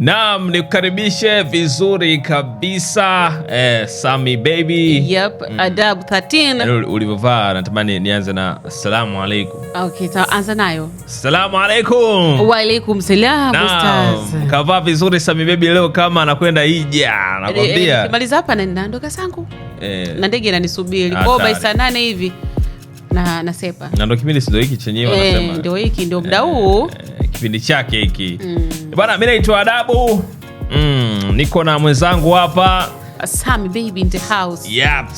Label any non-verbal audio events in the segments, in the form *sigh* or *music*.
Naam, nikukaribishe vizuri kabisa eh, Sami baby. Yep, mm. Adabu yaani 13. Ulivyovaa natamani nianze na salamu alaikum. Okay, so anza nayo. Salamu alaikum. Wa alaikum salam ustaz. Kavaa vizuri Sami baby leo kama anakwenda hija, nakwambia. Kimaliza hapa na ninaondoka sangu. Eh. Na ndege inanisubiri. Oh, by saa nane hivi na, na Sepa na ndo kipindi sindo hiki chenyewe eh, ndo hiki ndo eh, mda huu e, eh, kipindi chake hiki mm. Bana, mi naitwa Adabu mm, niko na mwenzangu hapa Sami baby in the house. Yep,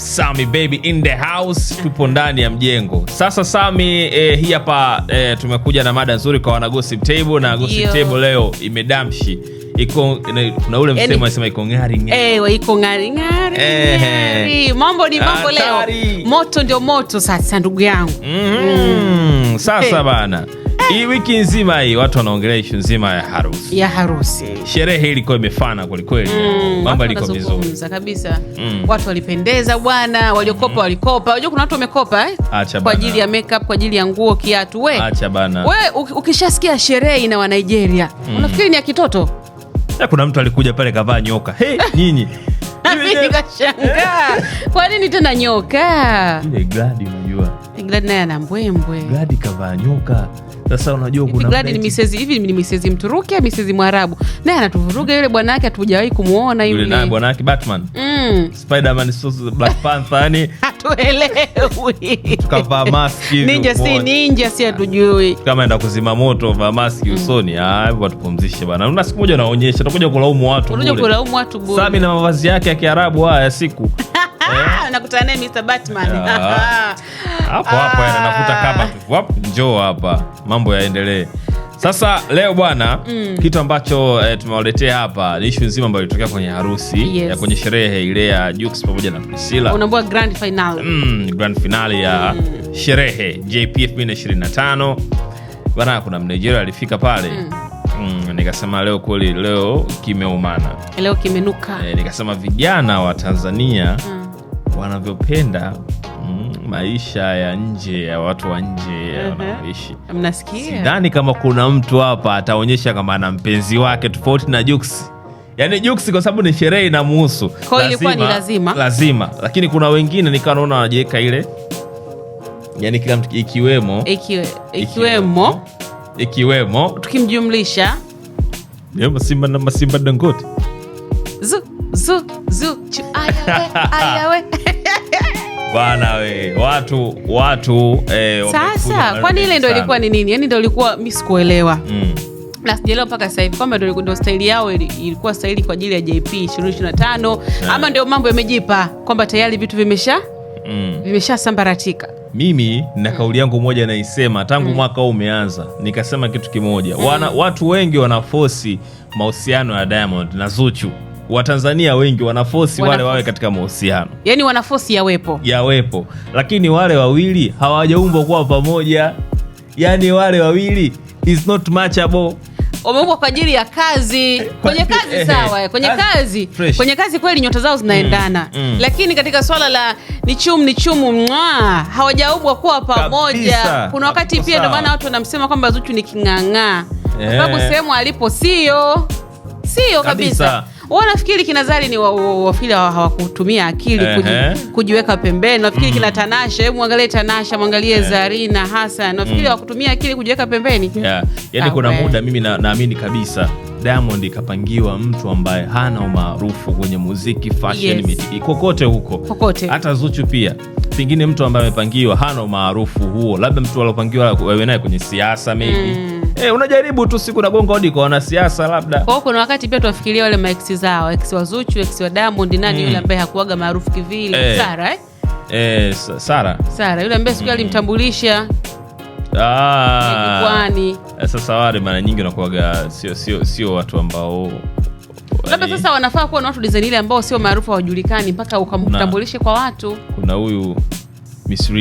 Yeah. Tupo ndani ya mjengo sasa Sami, eh, hii hapa eh, tumekuja na mada nzuri kwa wana gossip table na gossip table leo imedamshi kuna ule msemo yaani, iko ngari eh, iko ngari ngari Mambo ni mambo leo, moto ndio moto. Sasa ndugu yangu mm mm. Sasa bana hii wiki nzima hii watu wanaongelea ishu nzima ya harusi ya harusi. Sherehe ilikuwa imefana kwelikweli, mm, mambo yalikuwa vizuri kabisa, mm. watu walipendeza bwana, waliokopa mm-hmm. walikopa. Unajua kuna watu wamekopa eh, kwa ajili ya makeup, kwa ajili ya nguo, kiatu. We acha bana, we ukishasikia sherehe ina wa Nigeria mm. unafikiri ni ya kitoto na kuna mtu alikuja pale kavaa nyoka. Hey, nyinyi *laughs* kashangaa eh. kwa nini tena nyoka? Ile Gladi, unajua Gladi naye ana mbwembwe. Gladi kavaa nyoka sasa unajua kuna Glad ni misezi hivi, ni misezi Mturuki, misezi Mwarabu, naye anatuvuruga yule bwana wake hatujawahi kumuona yule naye bwana yake Batman, mm. Spiderman, Black Panther, yani *laughs* hatuelewi. Tukavaa maski, ninja si ninja, si hatujui kama enda kuzima moto, vaa maski mm. usoni. Ah, watupumzishe bwana, una siku moja unaonyesha, utakuja kulaumu watu, utakuja kulaumu watu bure. Sami na mavazi yake ya Kiarabu haya siku, *laughs* eh? nakutana naye Mr Batman ah. *laughs* hapo hapo, yaani ah. nakuta kama tu wap njoo hapa, mambo yaendelee. Sasa leo bwana, mm. kitu ambacho eh, tumewaletea hapa ni ishu nzima ambayo ilitokea kwenye harusi yes. ya kwenye sherehe ile ya Jux pamoja na Priscilla, unaambua grand final mm, grand final ya mm. sherehe JPF 2025 bwana, kuna Mnigeria alifika pale mm. Mm, nikasema leo kweli, leo kimeumana, leo kimenuka. E, nikasema vijana wa Tanzania mm. wanavyopenda maisha ya nje ya watu wa nje wanaoishi. Mnasikia? Sidhani kama kuna mtu hapa ataonyesha kama ana mpenzi wake tofauti na Jux. Yaani Jux kwa sababu ni sherehe inamuhusu. Kwa hiyo ilikuwa ni lazima. Lazima. Lakini kuna wengine nikawa naona wanajiweka ile yaani kila mtu ikiwemo ikiwe, ikiwemo ikiwemo tukimjumlisha Simba na Simba Dangote zu zu zu ayawe *laughs* ayawe Bwana we, watu watu eh, sasa, kwani ile ndo ilikuwa ni nini? Yani ndo ilikuwa mi sikuelewa mm. na sijaelewa mpaka sahivi hivi kwamba ndo staili yao ilikuwa stahili kwa ajili ya JP 2025 yeah. ama ndio mambo yamejipa kwamba tayari vitu vimesha mm. vimeshasambaratika mimi na mm. kauli yangu moja naisema tangu mm. mwaka huu umeanza, nikasema kitu kimoja mm. wana, watu wengi wanafosi mahusiano ya Diamond na Zuchu Watanzania wengi wanafosi wale wawe katika mahusiano, yani wanafosi yawepo, yawepo, lakini wale wawili hawajaumbwa kuwa pamoja. Yani wale wawili is not matchable wameumbwa kwa ajili ya kazi kwenye kazi sawa, *laughs* kwenye kazi Fresh. Kwenye kazi kweli nyota zao zinaendana mm, mm. Lakini katika swala la nichumu nichumu mwa hawajaumbwa kuwa pamoja kabisa. Kuna wakati pia ndio maana watu wanamsema kwamba Zuchu ni king'ang'aa yeah. Kwa sababu eh. sehemu alipo sio sio kabisa, kabisa. Wewe unafikiri kina Zari ni wa hawakutumia akili uh-huh. kujiweka pembeni? Nafikiri mm. kina Tanasha, hebu mwangalie Tanasha, mwangalie yeah. zarina na Nafikiri mm. hawakutumia mm. akili kujiweka pembeni. Yeah. yani ah, kuna muda mimi naamini na kabisa Diamond ikapangiwa mtu ambaye hana umaarufu kwenye muziki, fashion, yes. kokote huko. Kokote. Hata Zuchu pia pengine mtu ambaye amepangiwa hana umaarufu huo, labda mtu aliopangiwa wewe naye kwenye siasa maybe mm. Eh, unajaribu tu siku nagonga hodi kwa wanasiasa labda. Kwa kuna wakati pia tuwafikiria wale max zao, x wa Zuchu, x wa Diamond, nani mm. yule ambaye hakuwaga maarufu kivile eh. Sara eh? Eh, Sara Sara yule ambaye siku mm. alimtambulisha Ah, eh, sasa wale mara nyingi unakuwaga sio sio sio watu ambao labda sasa wanafaa kuwa na watu design ile ambao sio maarufu hawajulikani mpaka ukamtambulishe kwa watu. Kuna huyu Miss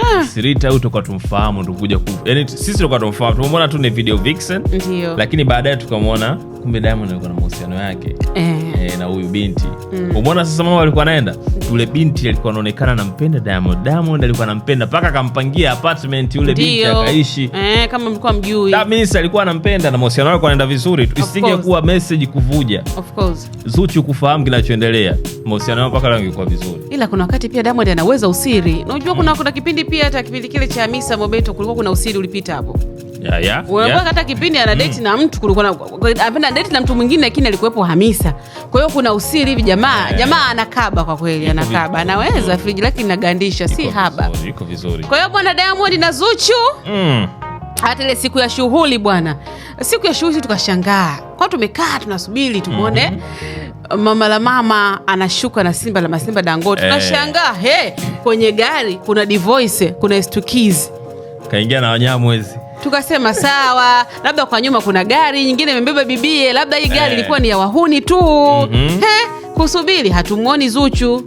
Ah. Sirita huyu toka tumfahamu tukuja ku yani, sisi toka tumfahamu tumemwona tu ni video vixen, ndio, lakini baadaye tukamwona kumbe Diamond alikuwa na mahusiano yake eh. Eh, na huyu binti mm. Umeona sasa, mama alikuwa anaenda yule binti alikuwa anaonekana anampenda Diamond. Diamond alikuwa anampenda mpaka akampangia apartment yule binti akaishi eh, kama mlikuwa mjui. That means alikuwa anampenda na mahusiano yake anaenda vizuri, isingekuwa message kuvuja. Of course Zuchu kufahamu kinachoendelea mahusiano yao mpaka leo vizuri, ila kuna wakati pia Diamond anaweza usiri. Unajua kuna mm. kuna kipindi pia hata kipindi kile cha Hamisa Mobeto kulikuwa kuna usiri ulipita hapo yeah, yeah, yeah. Hata kipindi ana deti mm. na mtu kulikuwa deti na mtu mwingine, lakini alikuwepo Hamisa. Kwa hiyo kuna usiri hivi jamaa yeah. Jamaa anakaba kwa kweli, anakaba anaweza mm. friji lakini nagandisha, si haba. Iko vizuri. Kwa hiyo bwana Diamond na Zuchu mm. Hata ile siku ya shughuli bwana, siku ya shughuli tukashangaa kwa tumekaa tunasubiri tuone mm -hmm. mama la mama anashuka na simba la masimba Dangote hey. Eh. Tunashangaa hey, kwenye gari kuna Divoice kuna Estukiz kaingia na Wanyamwezi tukasema sawa, labda kwa nyuma kuna gari nyingine imebeba bibie, labda hii gari eh. ilikuwa eh, ni ya wahuni tu mm -hmm. He, kusubiri hatumwoni Zuchu,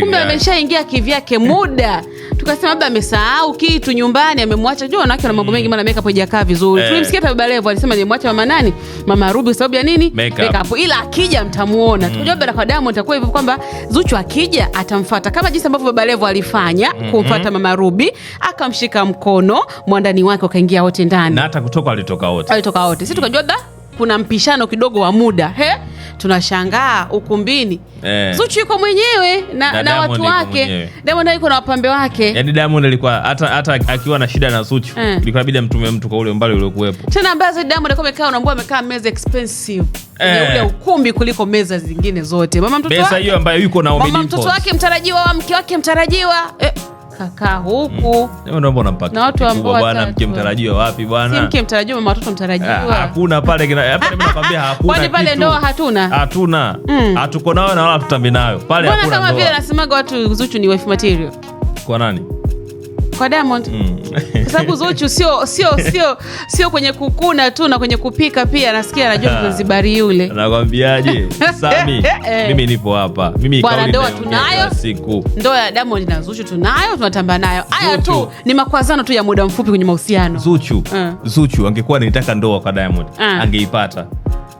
kumbe ameshaingia kivyake muda tukasema labda amesahau kitu nyumbani, amemwacha. Jua wanawake wana mambo mm. mengi, maana makeup haijakaa vizuri. Eh. Tulimsikia pia Baba Levo alisema nimemwacha mama nani, mama kwa sababu ya nini? Makeup. Ila akija mtamuona, tukajua mm. labda kwa Diamond atakuwa hivyo kwamba Zuchu akija atamfata kama jinsi ambavyo Baba Levo alifanya mm-hmm. kumfata mama Ruby, akamshika mkono mwandani wake, wakaingia wote ndani, na hata kutoka alitoka wote, alitoka wote, sisi tukajua kuna mpishano kidogo wa muda He? tunashangaa ukumbini eh, Zuchu yuko mwenyewe na, na, na watu wake. Diamond yuko na wapambe wake, yaani Diamond alikuwa hata hata akiwa na shida na Zuchu eh, ilikuwa inabidi amtume mtu kwa ule umbali uliokuwepo, tena ambazo Diamond alikuwa amekaa, unaambia amekaa meza expensive eh, ule ukumbi kuliko meza zingine zote. Mama mtoto wake, pesa hiyo ambayo yuko na mama mtoto wake mtarajiwa wa mke wake mtarajiwa eh kakaa mm. huku na watu ambao bwana, mke mtarajiwa wapi bwana? Si mke mtarajiwa, mama watoto mtarajiwa ah, hakuna pale, yaani nakwambia ah, ah, hakuna, kwani pale ndoa hatuna, hatuna mm. hatuko nayo na wala hatutambi nayo pale. Mbona kama vile nasemaga watu Zuchu ni wife material kwa nani? kwa Diamond mm. kwa sababu Zuchu sio sio sio sio kwenye kukuna tu na kwenye kupika pia, nasikia anajua Mzanzibari yule. Nakwambiaje Sami, *laughs* eh. mimi nipo hapa mimi. Bwana, ndoa tunayo, siku ndoa ya Diamond na Zuchu tunayo, tunatamba nayo. Haya tu ni makwazano tu ya muda mfupi kwenye mahusiano. Zuchu uh. Zuchu angekuwa nilitaka ndoa kwa Diamond uh. angeipata.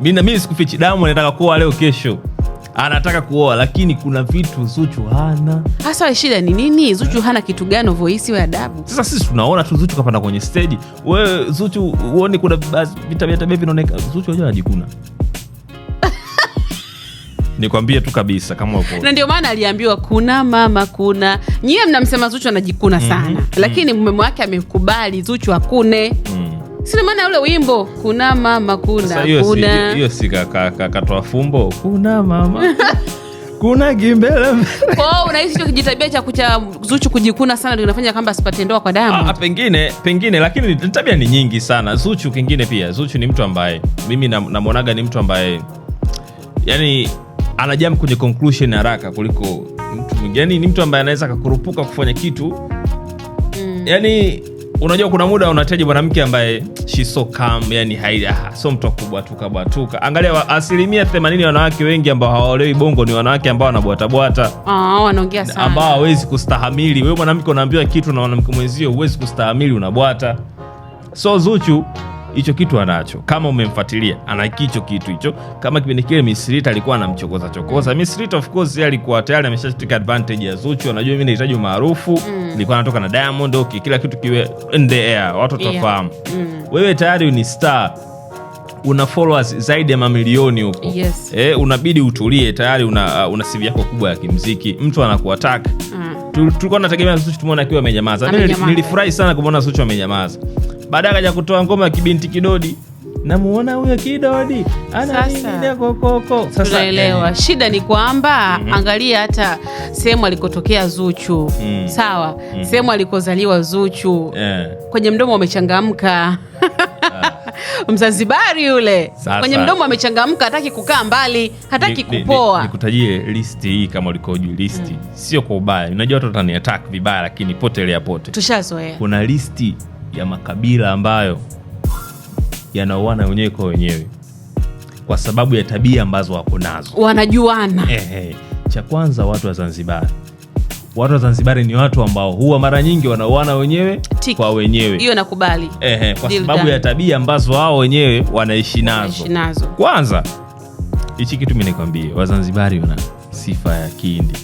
Mimi na mimi sikufichi, Diamond nataka kuwa leo kesho anataka kuoa, lakini kuna vitu Zuchu hana. Hasa shida ni nini? Zuchu hana kitu gani ovoisi wa adabu? Sasa sisi tunaona tu Zuchu kapanda kwenye steji, wewe Zuchu uone kuna vitabia tabia vinaonekana, Zuchu hajua anajikuna *laughs* Nikwambie tu kabisa kama uko. Na ndio maana aliambiwa kuna mama kuna. Nyie mnamsema Zuchu anajikuna mhm. sana. Mm -hmm. Lakini mume wake amekubali Zuchu akune. Mm -hmm sina maana ule wimbo kuna mama kuna kuna hiyo si katoa fumbo kuna mama *laughs* kuna gimbele kwao unahisi cho kijitabia cha kucha zuchu kujikuna sana ndio inafanya kwamba asipate ndoa kwa damu ah, pengine pengine lakini tabia ni nyingi sana zuchu kingine pia zuchu ni mtu ambaye mimi namwonaga ni mtu ambaye yani anajam kwenye conclusion haraka kuliko mtu yani ni mtu ambaye anaweza akakurupuka kufanya kitu mm. yani unajua kuna muda unataji mwanamke ambaye shiso kam yani haiaha so mtu akubwatuka bwatuka. Angalia, asilimia 80 wanawake wengi ambao hawaolewi bongo ni wanawake ambao wanabwatabwata, ah, ambao hawezi kustahamili. Wewe mwanamke unaambiwa kitu na mwanamke mwenzio huwezi kustahamili, unabwata. So Zuchu hicho kitu anacho. Kama umemfuatilia anaki hicho kitu hicho, kama kipindi kile Misrita alikuwa anamchokoza chokoza Misrita. Of course yeye alikuwa tayari ameshashika advantage ya Zuchu, anajua mimi nahitaji maarufu mm. Nilikuwa natoka na Diamond okay, kila kitu kiwe in the air, watu watafahamu yeah. mm. Wewe tayari ni star una followers zaidi ya mamilioni huko yes. Eh, unabidi utulie tayari, una, uh, una CV yako kubwa ya kimziki, mtu anakuataka mm. Tulikuwa tunategemea Zuchu, tumeona akiwa amenyamaza. Nilifurahi sana kumwona Zuchu amenyamaza baadaye akaja kutoa ngoma ya kibinti kidodi namuona huyo kidodi ana nini kokoko. Sasa eh. shida ni kwamba mm -hmm. Angalia hata sehemu alikotokea Zuchu mm. Sawa mm -hmm. Sehemu alikozaliwa Zuchu yeah. Kwenye mdomo wamechangamka ah. *laughs* Mzanzibari yule sasa, kwenye mdomo amechangamka, hataki kukaa mbali, hataki kupoa. Nikutajie ni, ni listi hii kama ulikojui listi mm. Sio kwa ubaya, unajua watu wataniattack vibaya, lakini potelea pote tushazoea. Kuna listi ya makabila ambayo yanaoana wenyewe kwa wenyewe kwa sababu ya tabia ambazo wako nazo, wanajuana. eh. cha kwanza watu wa Zanzibar watu wa Zanzibari ni watu ambao huwa mara nyingi wanaoana wenyewe Tiki. kwa wenyewe. Hiyo nakubali. eh, kwa Dildan. sababu ya tabia ambazo wao wenyewe wanaishi nazo. Nazo kwanza hichi kitu mimi nikwambie, Wazanzibari wana sifa ya kindi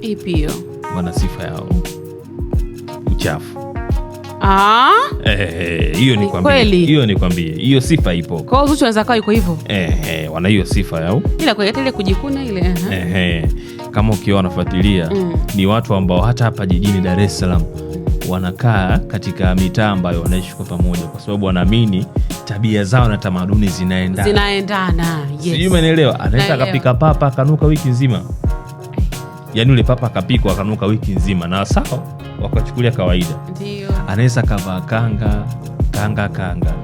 Ipi hiyo? Wana sifa ya uchafu Ah? Eh, eh, hiyo eh, ni kwambie, hiyo sifa ipo kwa Zuchu, anaweza kawa iko hivyo eh, wana hiyo sifa au ila ile kujikuna ile kama ukiwa wanafuatilia mm. ni watu ambao hata hapa jijini Dar es Salaam wanakaa katika mitaa ambayo wanaishi kwa pamoja, kwa sababu wanaamini tabia zao na tamaduni zinaendana zinaendana, yes. Sijui Anaweza akapika papa akanuka wiki nzima, yaani ule papa akapikwa akanuka wiki nzima na sawa wakachukulia kawaida, anaweza kavaa kanga kanga kanga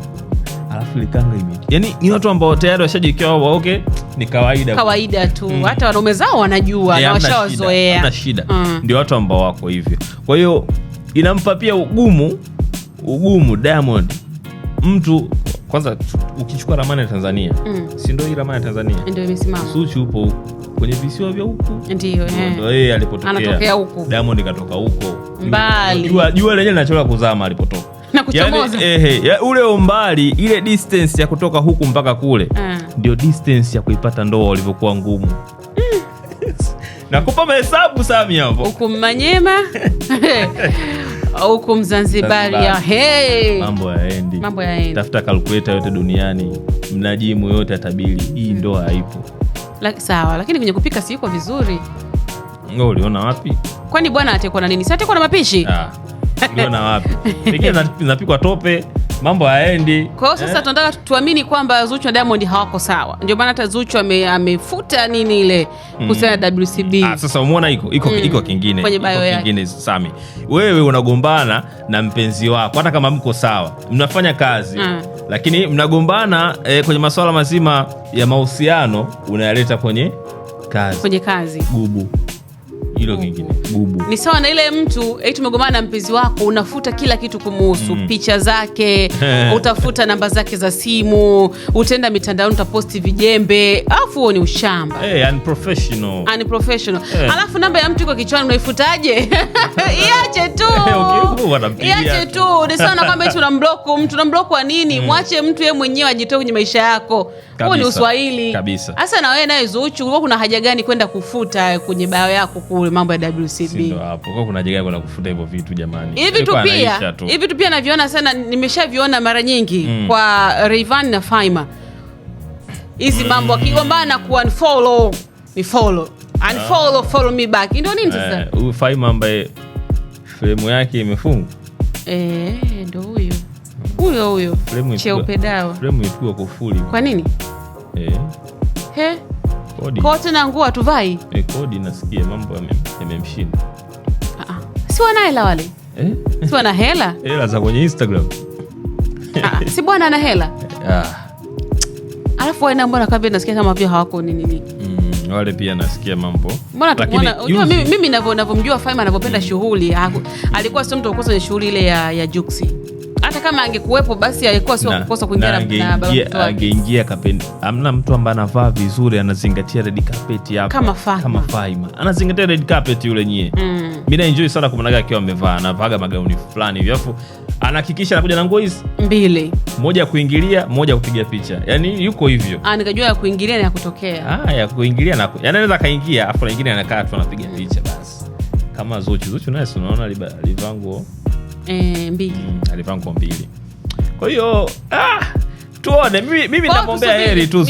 alafu likanga ime yani, ni watu ambao tayari washajikiwa wao, okay, ni kawaida kawaida tu mm. Hata wanaume zao wanajua eh, na washawazoea, hamna shida mm. Ndio watu ambao wako hivyo, kwa hiyo inampa pia ugumu ugumu Diamond mtu kwanza, ukichukua ramani ya Tanzania mm. si ndio hii ramani ya Tanzania ndio imesimama Suchu upo kwenye visiwa vya huko eh. ndio yeye alipotokea Diamond ikatoka huko mbali, jua lenye linachora kuzama alipotoka na kuchomoza yani, eh, eh, ule umbali ile distance ya kutoka huku mpaka kule eh. ndio distance ya kuipata ndoa ulivyokuwa ngumu mm. *laughs* Nakupa mahesabu Sami hapo huku Manyema *laughs* huku Mzanzibari ya hey, mambo yaendi, mambo yaendi. Tafuta kalkuleta yote duniani, mnajimu yote atabili, hii mm. ndoa haipo sawa lakini kwenye kupika siko vizuri. Ngo, uliona wapi? Kwani bwana atekwa na nini? Si na mapishi? Ah. Uliona wapi? Pengine zinapikwa tope, mambo hayaendi. Kwa hiyo sasa eh, tunataka tuamini kwamba Zuchu na Diamond hawako sawa. Ndio maana hata Zuchu amefuta nini ile mm. kuhusiana na WCB. Ah, sasa umeona iko iko mm, iko kingine. Kwenye bio yake. Kingine Sami. Wewe unagombana na mpenzi wako hata kama mko sawa. Mnafanya kazi. Mm lakini mnagombana e, kwenye masuala mazima ya mahusiano unayaleta kwenye kazi, kwenye kazi gubu hilo kingine bubu ni sawa na ile mtu eti umegomana na mpenzi wako, unafuta kila kitu kumuhusu mm. picha zake *laughs* utafuta namba zake za simu, utaenda mitandaoni utaposti vijembe, alafu huo ni ushamba. Hey, eh, unprofessional. Unprofessional. Hey. Eh. Alafu namba ya mtu iko kichwani unaifutaje? *laughs* iache tu *laughs* eh, iache tu ni sawa na kwamba eti unamblok mtu. unamblok wa nini? Mm. mwache mm. mtu yeye mwenyewe ajitoe kwenye maisha yako huo ni uswahili kabisa. Hasa na wewe naye Zuchu, kulikuwa kuna haja gani kwenda kufuta kwenye bio yako kule mambo ya WCB? Ndio hapo kwa kuna haja gani kwenda kufuta hivyo vitu jamani? Hivi tu pia hivi tu pia naviona sana, nimeshaviona mara nyingi mm. kwa Rayvanny na Faima hizi mambo mm. akigombana ku unfollow ni follow unfollow uh, follow me back ndio nini eh, sasa? Huyu Faima ambaye fremu yake imefungwa eh, ndio huyo huyo huyo cheupe dawa. Fremu ipigwa kufuli. Kwa nini? Eh. He? Kodi. Kote na nguo atuvai. Eh, kodi nasikia mambo yamemshinda. Ah ah. Si wana hela wale. Eh? Si wana hela? *laughs* Hela za kwenye Instagram. Ah, ah. si bwana ana hela. *laughs* Ah. Alafu wao mbona kabe nasikia kama vile hawako nini nini. Mm, wale pia nasikia mambo. Mbona tunaona unajua mimi mimi ninavyomjua Faima anavyopenda mm. shughuli. Alikuwa sio mtu wa kukosa shughuli ile ya ya Juksi hata kama angekuwepo basi alikuwa sio kukosa kuingia na baba. Angeingia kapeni, amna mtu ambaye anavaa vizuri anazingatia red carpet hapo kama Faima, kama Faima anazingatia red carpet yule nyie. Mm. Mimi na enjoy sana kumnaga akiwa amevaa anavaga magauni fulani hivi afu anahakikisha anakuja na nguo hizi mbili, moja ya kuingilia, moja ya kupiga picha, yani yuko hivyo. Ah, nikajua ya kuingilia na ya kutokea. Ah, ya kuingilia na yani anaweza kaingia afu nyingine anakaa tu anapiga mm. picha basi, kama Zuchu. Zuchu naye unaona alivaa nguo e, mbili mbili. Kwa hiyo ah, tuone. Mimi namwombea heri tu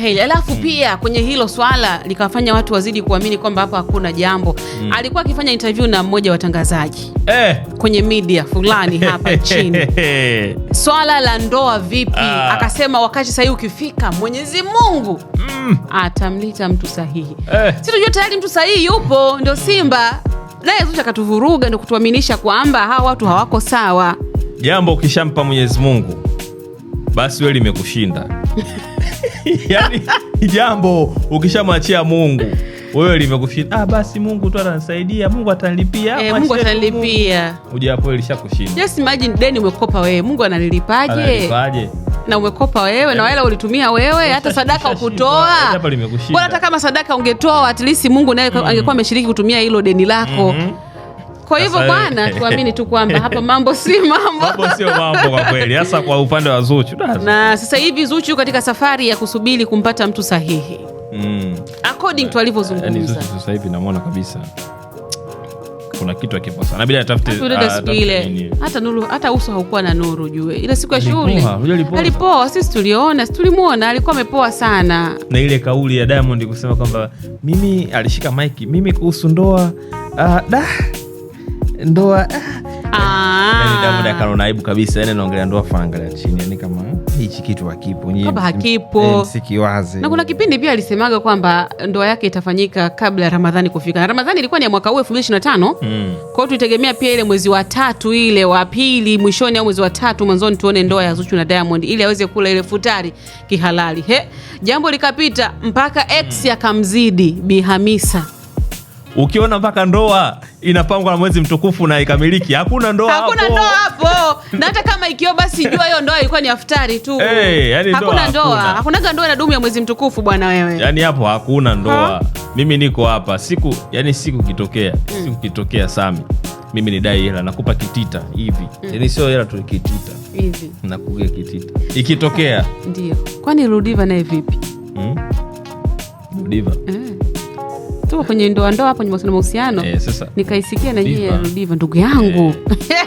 heri alafu mm. Pia kwenye hilo swala likawafanya watu wazidi kuamini kwamba hapo hakuna jambo mm. Alikuwa akifanya interview na mmoja wa watangazaji eh, kwenye mdia fulani hapa *laughs* chini *laughs* swala la ndoa vipi ah. Akasema wakati sahihi ukifika Mwenyezi Mungu mm. atamlita mtu sahihi eh. Si tayari mtu sahihi yupo, ndio Simba naye Zuchu akatuvuruga, ndo kutuaminisha kwamba hawa watu hawako sawa. Jambo ukishampa Mwenyezi Mungu basi we limekushinda. *laughs* Yani, jambo ukishamwachia Mungu wewe limekushinda. Ah, basi Mungu tu atanisaidia, Mungu atanilipia, e, Mungu atanilipia. Ujapo ilishakushinda. Just imagine deni umekopa wewe, Mungu analilipaje? Analilipaje? na umekopa wewe na hela ulitumia wewe, hata sadaka ukutoa. Bora hata kama sadaka ungetoa, at least Mungu naye mm -hmm. angekuwa mm-hmm. ameshiriki kutumia hilo deni lako mm -hmm. Kwa hivyo bwana, eh, tuamini tu kwamba eh, hapa mambo si eh, mambo, mambo sio mambo kwa kweli, hasa kwa upande wa Zuchu. Na sasa hivi Zuchu katika safari ya kusubiri kumpata mtu sahihi mm. according to alivyozungumza, yaani sasa hivi namwona kabisa kuna kitu akikosa nabidi atafute ah, Hata nuru hata uso haukuwa na nuru jue, ile siku ya shule alipoa, sisi tuliona, tulimwona alikuwa amepoa sana, na ile kauli ya Diamond kusema kwamba mimi alishika mike mimi kuhusu ndoa uh, da ndoa uh, Ah. Yaani dakika unaibu kabisa, yani naongelea ndoa fanaangalia chini, yani kama hichi kitu hakipo, hakipo eh, sikiwazi. Na kuna kipindi pia alisemaga kwamba ndoa yake itafanyika kabla ya Ramadhani kufika, na Ramadhani ilikuwa ni ya mwaka huu tano mm. kwao tuitegemea pia ile mwezi wa tatu ile wa pili mwishoni au mwezi wa tatu mwanzoni tuone ndoa ya Zuchu na Diamond ili aweze kula ile futari kihalali. He, jambo likapita mpaka ex hmm. akamzidi Bi Hamisa Ukiona mpaka ndoa inapangwa na mwezi mtukufu na ikamiliki, hakuna ndoa, hakuna ndoa hapo. Na hata kama ikiwa, basi jua hiyo ndoa ilikuwa ni aftari tu. Hey, eh, yani hakuna ndoa, hakunaga ndoa inadumu ya mwezi mtukufu bwana wewe, yani hapo hakuna ndoa ha? Mimi niko hapa siku, yani siku kitokea mm. siku kitokea Sami, mimi nidai hela, nakupa kitita hivi mm. yani sio hela tu, kitita hivi nakuga kitita ikitokea. Ndio kwani Rudiva naye vipi? mm? Rudiva mm. Eh? kutoka kwenye ndoandoa ndoa hapo mahusiano mahusiano, eh, nikaisikia nanyie yeye ndugu yangu eh. *laughs*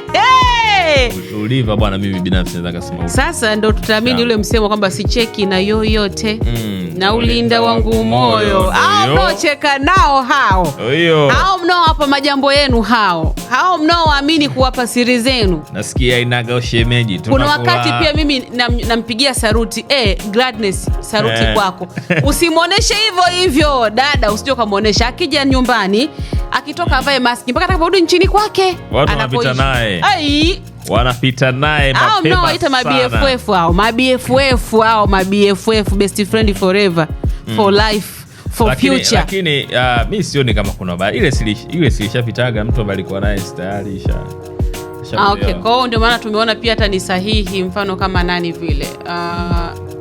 Eh. Uliva bwana, mimi binafsi naweza kusema. Sasa ndo tutaamini ule msemo kwamba sicheki na yoyote mm, na ulinda wangu moyo. Hao ah, mnaocheka nao hao, hao mnaowapa majambo yenu hao, hao mnaoamini kuwapa siri zenu. Nasikia inaga Kuna wakati pia mimi nampigia saruti eh, Gladness, saruti eh, kwako *laughs* usimwoneshe hivyo hivyo dada, usije ukamwonesha akija nyumbani akitoka avae maski mpaka atakaporudi nchini kwake, watu naye wanapita naye mnawaita mabff ao mabff ao mabff best friend forever hmm. for mm. life for lakini, lakini uh, mi sioni kama kuna baya ile silishapitaga mtu ambaye alikuwa naye tayari sha Ah, okay. ndio maana tumeona pia hata ni sahihi mfano kama nani vile uh,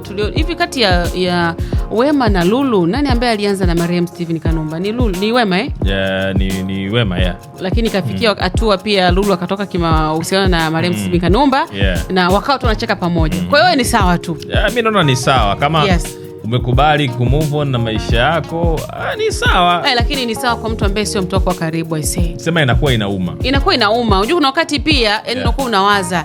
tulio hivi kati ya, ya Wema na Lulu, nani ambaye alianza na mariam stehen Kanumba? Ni Lulu, ni Wema eh? Yeah, ni, ni Wema yeah. Lakini ikafikia mm. hatua mm. pia Lulu akatoka kimahusiana na mariam mm. stehen Kanumba yeah. na wakawa tu wanacheka pamoja mm. kwa hiyo ni sawa tu yeah, mi naona ni sawa kama yes umekubali kumove na maisha yako ah, ni sawa hey, eh, lakini ni sawa kwa mtu ambaye sio mtu wako wa karibu sema inakuwa inauma, inakuwa inauma. Unajua kuna wakati pia yeah. unakuwa unawaza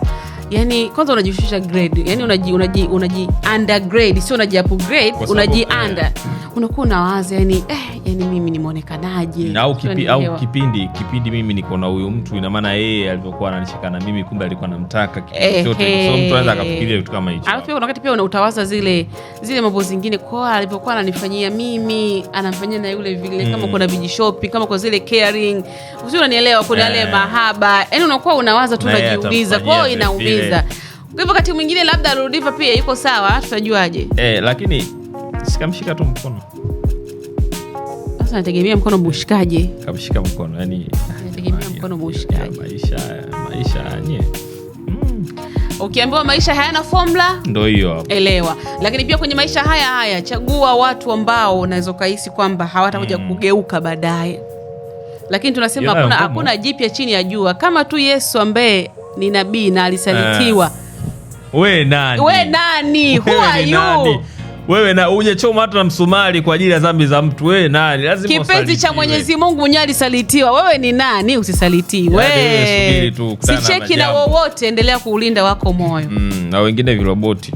yani kwanza unajishusha grade, yani unaji unaji unaji under grade sio unaji upgrade, unaji eh. under, yeah. unakuwa na wazo yani eh, yani mimi nimeonekanaje? au kipi, au kipindi kipindi mimi niko na huyu mtu, ina maana yeye alivyokuwa ananishika na mimi, kumbe alikuwa anamtaka kipindi chote, hey. so mtu anaweza akafikiria kitu kama hicho. Alafu pia wakati pia unautawaza zile zile mambo zingine, kwa alivyokuwa ananifanyia mimi, anamfanyia na yule vile, mm. kama kuna vijishopping, kama kwa zile caring, usio unanielewa, kuna yale eh. mahaba, yani unakuwa unawaza tu, unajiuliza kwao inaumiza kucheza. Eh. Kwa hivyo wakati mwingine labda Ludiva pia yuko sawa, tutajuaje? Eh, lakini sikamshika tu mkono. nategemea mkono mushikaje? Kamshika mkono, yani nategemea mkono mushikaje? Maisha maisha yenyewe mm. Ukiambiwa maisha hayana formula ndo hiyo elewa. Lakini pia kwenye maisha haya haya, chagua watu ambao unaweza ukahisi kwamba hawatakuja mm, kugeuka baadaye lakini tunasema hakuna, hakuna jipya chini ya jua, kama tu Yesu ambaye ni nabii na alisalitiwa. Uh, eh. we nani? We nani? Who are you? Wewe na choma hata na msumari kwa ajili ya dhambi za mtu. Wewe nani? Lazima kipenzi cha Mwenyezi Mungu mwenyewe alisalitiwa. Wewe ni nani usisalitiwe? Yaani Sicheki na wowote, endelea kuulinda wako moyo, mm, na wengine viroboti